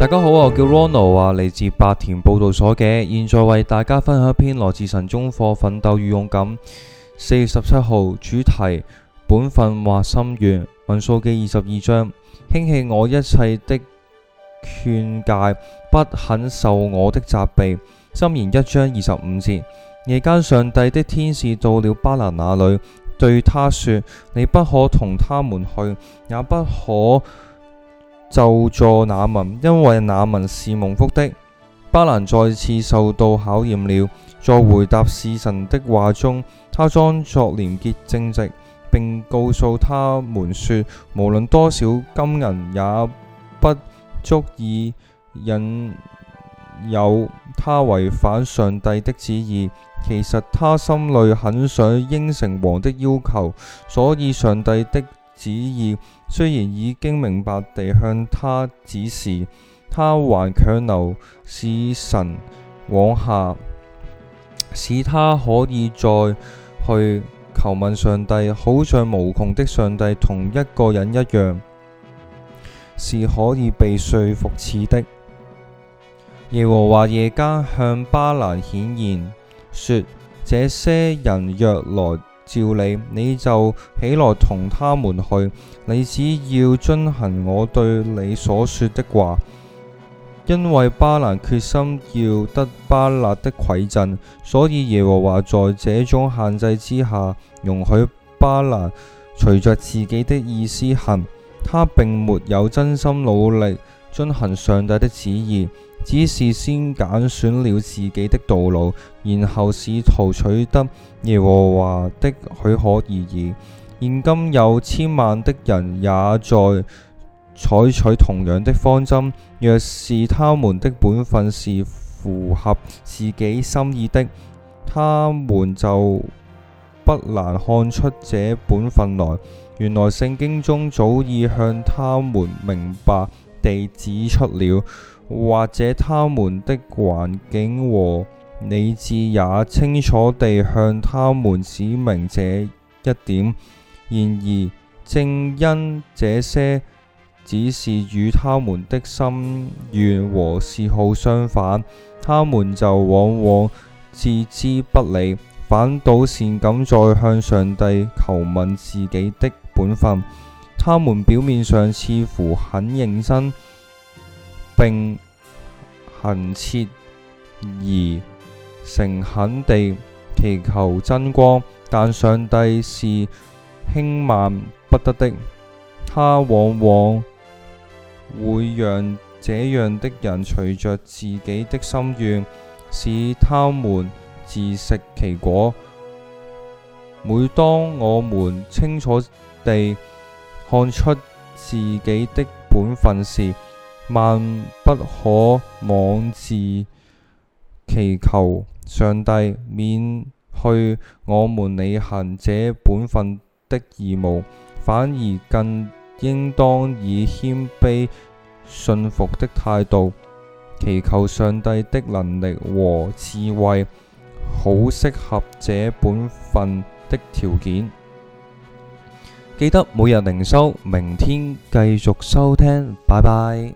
大家好，我叫 Ronald 啊，嚟自白田報道所嘅，現在為大家分享一篇來自神中課奮鬥與勇敢。四月十七號主題本分或心願，民數記二十二章，輕棄我一切的勸戒，不肯受我的責備。箴言一章二十五節，夜間上帝的天使到了巴蘭那裏，對他說：你不可同他們去，也不可。就助那民，因為那民是蒙福的。巴蘭再次受到考驗了，在回答使臣的話中，他裝作廉潔正直，並告訴他們說，無論多少金銀也不足以引誘他違反上帝的旨意。其實他心裏很想應承王的要求，所以上帝的，旨意雖然已經明白地向他指示，他還強留使神往下，使他可以再去求問上帝。好像無窮的上帝同一個人一樣，是可以被說服似的。耶和華夜間向巴蘭顯現，說：這些人若來。照你，你就起來同他們去。你只要遵行我對你所說的話。因為巴蘭決心要得巴勒的饋贈，所以耶和華在這種限制之下容許巴蘭隨著自己的意思行。他並沒有真心努力遵行上帝的旨意。只是先揀選了自己的道路，然後試圖取得耶和華的許可而已。現今有千萬的人也在採取同樣的方針。若是他們的本分是符合自己心意的，他們就不難看出這本分來。原來聖經中早已向他們明白地指出了。或者他們的環境和理智也清楚地向他們指明這一點。然而，正因這些只是與他們的心願和嗜好相反，他們就往往置之不理，反倒擅敢再向上帝求問自己的本分。他們表面上似乎很認真。並行切而誠懇地祈求真光，但上帝是輕慢不得的，他往往會讓這樣的人隨着自己的心願，使他們自食其果。每當我們清楚地看出自己的本分時，萬不可妄自祈求上帝免去我們履行這本分的義務，反而更應當以謙卑信服的態度祈求上帝的能力和智慧，好適合這本分的條件。記得每日靈修，明天繼續收聽，拜拜。